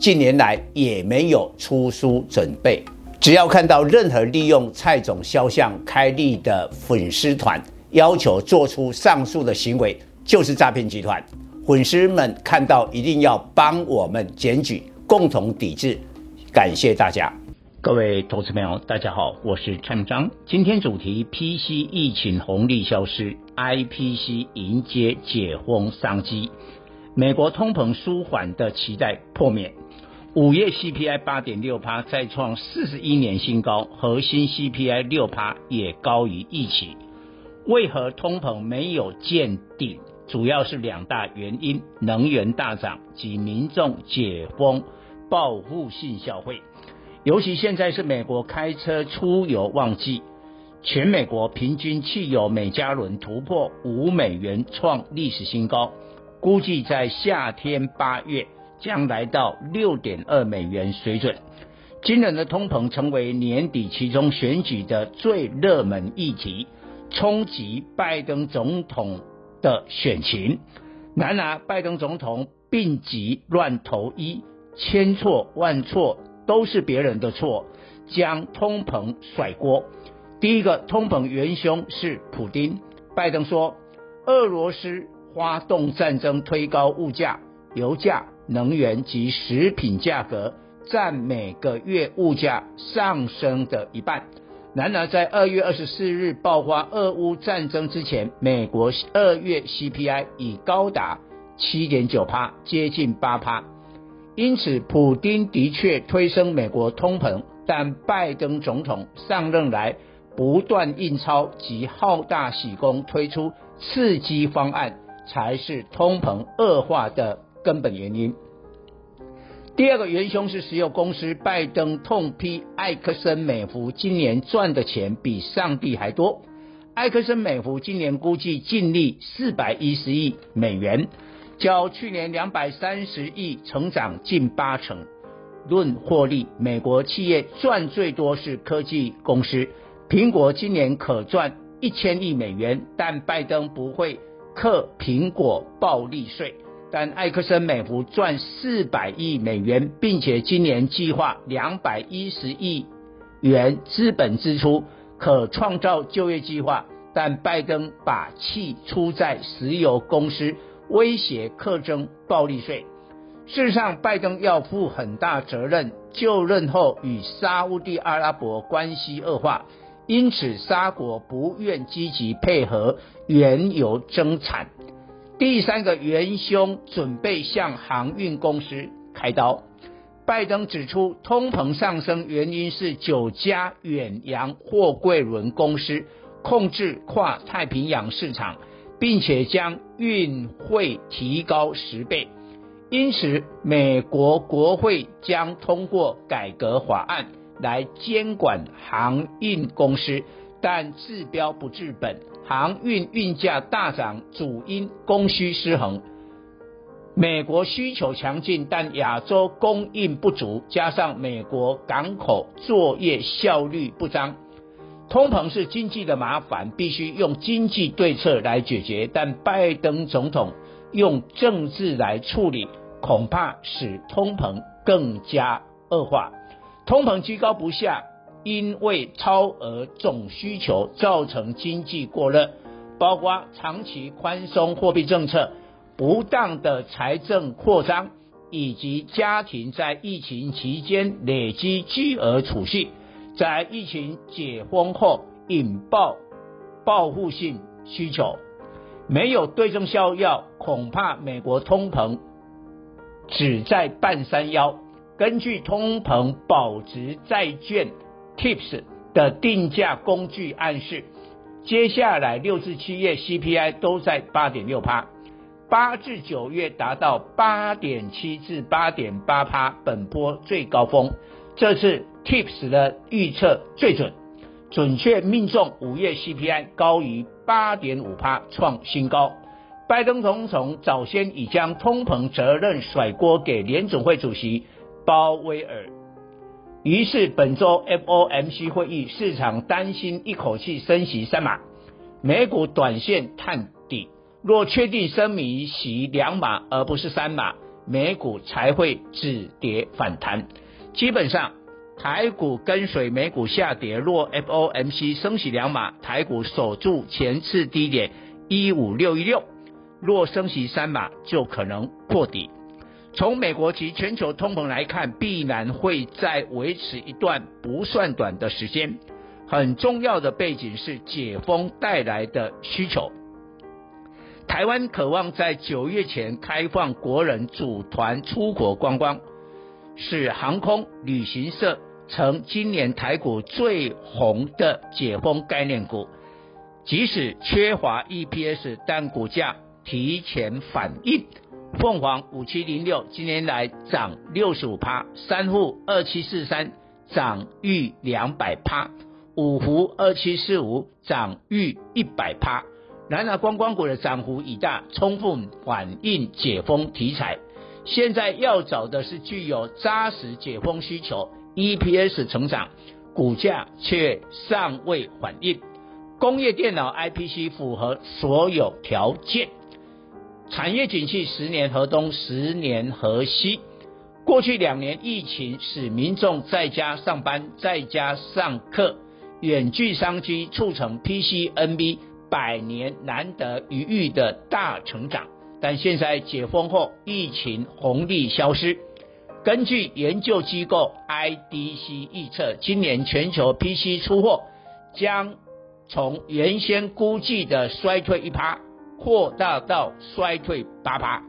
近年來也沒有出書準備，只要看到任何利用蔡總肖像開立的粉絲團，要求做出上述的行為，就是詐騙集團。粉絲們看到一定要幫我們檢舉，共同抵制。感謝大家，各位投資朋友，大家好，我是蔡明彰，今天主題：PC 疫情紅利消失，IPC 迎接解封商機。美國通膨舒緩的期待破滅。五月 CPI 八點六趴再創四十一年新高，核心 CPI 六趴也高於預期。為何通膨沒有見頂？主要是兩大原因：能源大漲及民眾解封報復性消費。尤其現在是美國開車出遊旺季，全美國平均汽油每加崙突破五美元，創歷史新高。估計在夏天八月。將來到六點二美元水準。驚人的通膨成為年底期中選舉的最熱門議題，衝擊拜登總統的選情。然而，拜登總統病急亂投醫，千錯萬錯都是別人的錯，將通膨甩鍋。第一個通膨元凶是普丁。拜登說，俄羅斯發動戰爭推高物價、油價。能源及食品價格占每個月物價上升的一半。然而，在二月二十四日爆發俄烏戰爭之前，美國二月 CPI 已高達七點九趴，接近八趴。因此，普丁的確推升美國通膨，但拜登總統上任來不斷印鈔及好大喜功推出刺激方案，才是通膨惡化的根本原因。第二個元兇是石油公司。拜登痛批埃克森美孚今年賺的錢比上帝還多。埃克森美孚今年估計淨利四百一十億美元，較去年兩百三十億成長近八成。論獲利，美國企業賺最多是科技公司。蘋果今年可賺一千億美元，但拜登不會課蘋果暴利稅。但埃克森美孚賺四百億美元，並且今年計劃兩百一十億元資本支出，可創造就業計劃。但拜登把氣出在石油公司，威脅課徵暴利稅。事實上，拜登要負很大責任。就任後與沙烏地阿拉伯關係惡化，因此沙國不願積極配合原油增產。第三個元兇準備向航運公司開刀。拜登指出，通膨上升原因是九家遠洋貨櫃輪公司控制跨太平洋市場，並且將運費提高十倍。因此，美國國會將通過改革法案來監管航運公司，但治標不治本。航運運價大漲，主因供需失衡。美國需求強勁，但亞洲供應不足，加上美國港口作業效率不彰，通膨是經濟的麻煩，必須用經濟對策來解決。但拜登總統用政治來處理，恐怕使通膨更加惡化。通膨居高不下，因為超額總需求造成經濟過熱，包括長期寬鬆貨幣政策、不當的財政擴張，以及家庭在疫情期間累積巨額儲蓄，在疫情解封後引爆報復性需求。沒有對症下藥，恐怕美國通膨只在半山腰。根據通膨保值債券。Tips 的定價工具暗示，接下來六至七月 CPI 都在8.6趴，八至九月達到8.7至8.8趴，本波最高峰。這次 Tips 的預測最準，準確命中五月 CPI 高於8.5趴創新高。拜登總統早先已將通膨責任甩鍋給聯準會主席鮑威爾。於是本周 FOMC 會議，市場擔心一口氣升息三碼，美股短線探底。若確定升息兩碼而不是三碼，美股才會止跌反彈。基本上，台股跟隨美股下跌。若 FOMC 升息兩碼，台股守住前次低點一五六一六；若升息三碼，就可能破底。從美國及全球通膨來看，必然會再維持一段不算短的時間。很重要的背景是解封帶來的需求。台灣渴望在九月前開放國人組團出國觀光，使航空旅行社成今年台股最紅的解封概念股。即使缺乏 EPS，但股價提前反應。鳳凰五七零六，今年來漲六十五趴；三富二七四三，漲逾兩百趴；五福二七四五，漲逾一百趴。然而，觀光股的漲幅已大，充分反映解封題材。現在要找的是具有紮實解封需求、EPS 成長、股價卻尚未反應工業電腦 IPC，符合所有條件。產業景氣十年河東十年河西，過去兩年疫情使民眾在家上班在家上課，遠距商機促成 PCNB 百年難得一遇的大成長。但現在解封後，疫情紅利消失。根據研究機構 IDC 預測，今年全球 PC 出貨將從原先估計的衰退一趴。擴大到衰退八趴，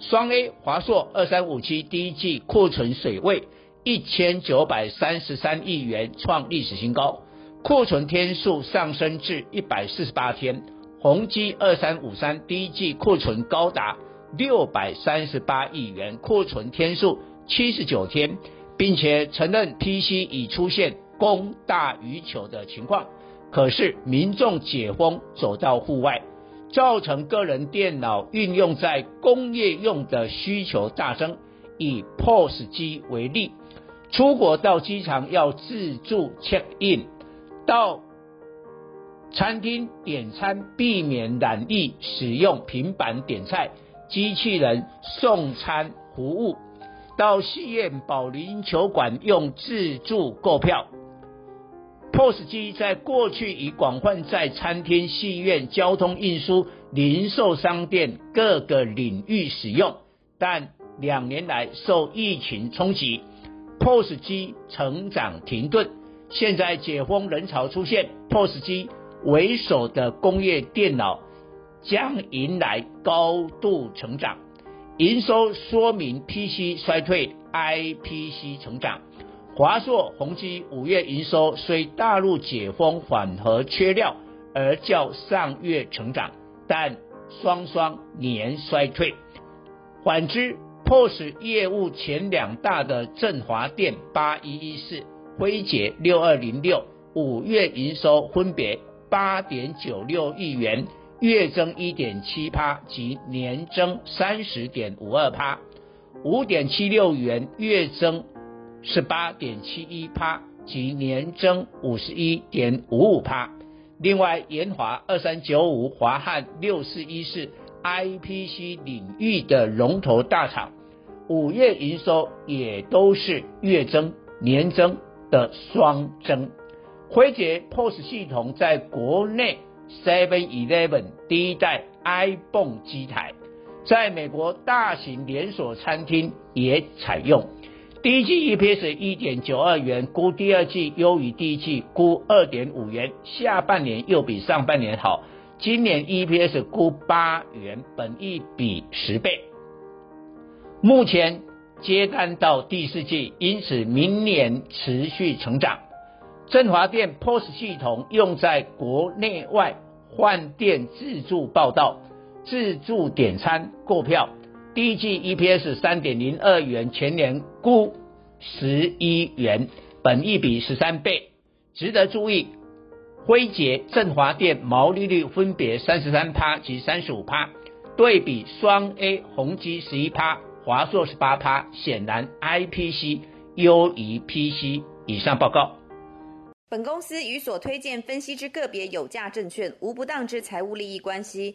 雙 A 華碩二三五七第一季庫存水位一千九百三十三億元，創歷史新高。庫存天數上升至一百四十八天。宏基二三五三第一季庫存高達六百三十八億元，庫存天數七十九天，並且承認 PC 已出現供大於求的情況。可是民眾解封走到戶外。造成個人電腦運用在工業用的需求大增，以 POS 機為例，出國到機場要自助 check in，到餐廳點餐避免染疫，使用平板點菜，機器人送餐服務，到戲院保齡球館用自助購票。POS 機在過去已廣泛在餐廳、戲院、交通運輸、零售商店各個領域使用，但兩年來受疫情衝擊，POS 機成長停頓。現在解封人潮出現，POS 機為首的工業電腦將迎來高度成長，營收說明 PC 衰退，IPC 成長。華碩、宏碁五月營收雖大陸解封緩和缺料，而較上月成長，但雙雙年衰退。反之，POS 業務前兩大的振樺電八一一四、飛捷六二零六五月營收分別八點九六億元，月增一點七趴及年增三十點五二趴，五點七六元月增。十八點七一趴，及年增五十一點五五趴。另外，研華二三九五、樺漢六四一四，I P C 領域的龍頭大廠，五月營收也都是月增、年增的雙增。輝杰 POS 系統在國內 Seven Eleven 第一代 ibon 機台，在美國大型連鎖餐廳也採用。第一季 EPS 一點九二元，估第二季優於第一季，估二點五元。下半年又比上半年好，今年 EPS 估八元，本益比十倍。目前接單到第四季，因此明年持續成長。振華電 POS 系統用在國內外飯店自助報到，自助點餐、購票。第一季 EPS 三點零二元，全年估十一元，本益比十三倍。值得注意，輝杰、振樺電毛利率分別三十三趴及三十五趴，對比雙 A 宏碁十一趴，華碩十八趴，顯然 IPC 優於 PC。以上報告。本公司與所推薦分析之個別有價證券無不當之財務利益關係。